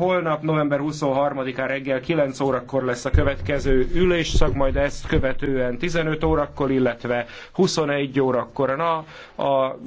holnap november 23-án reggel 9 órakor lesz a következő ülésszak, majd ezt követően 15 órakor, illetve 21 órakor. Na, a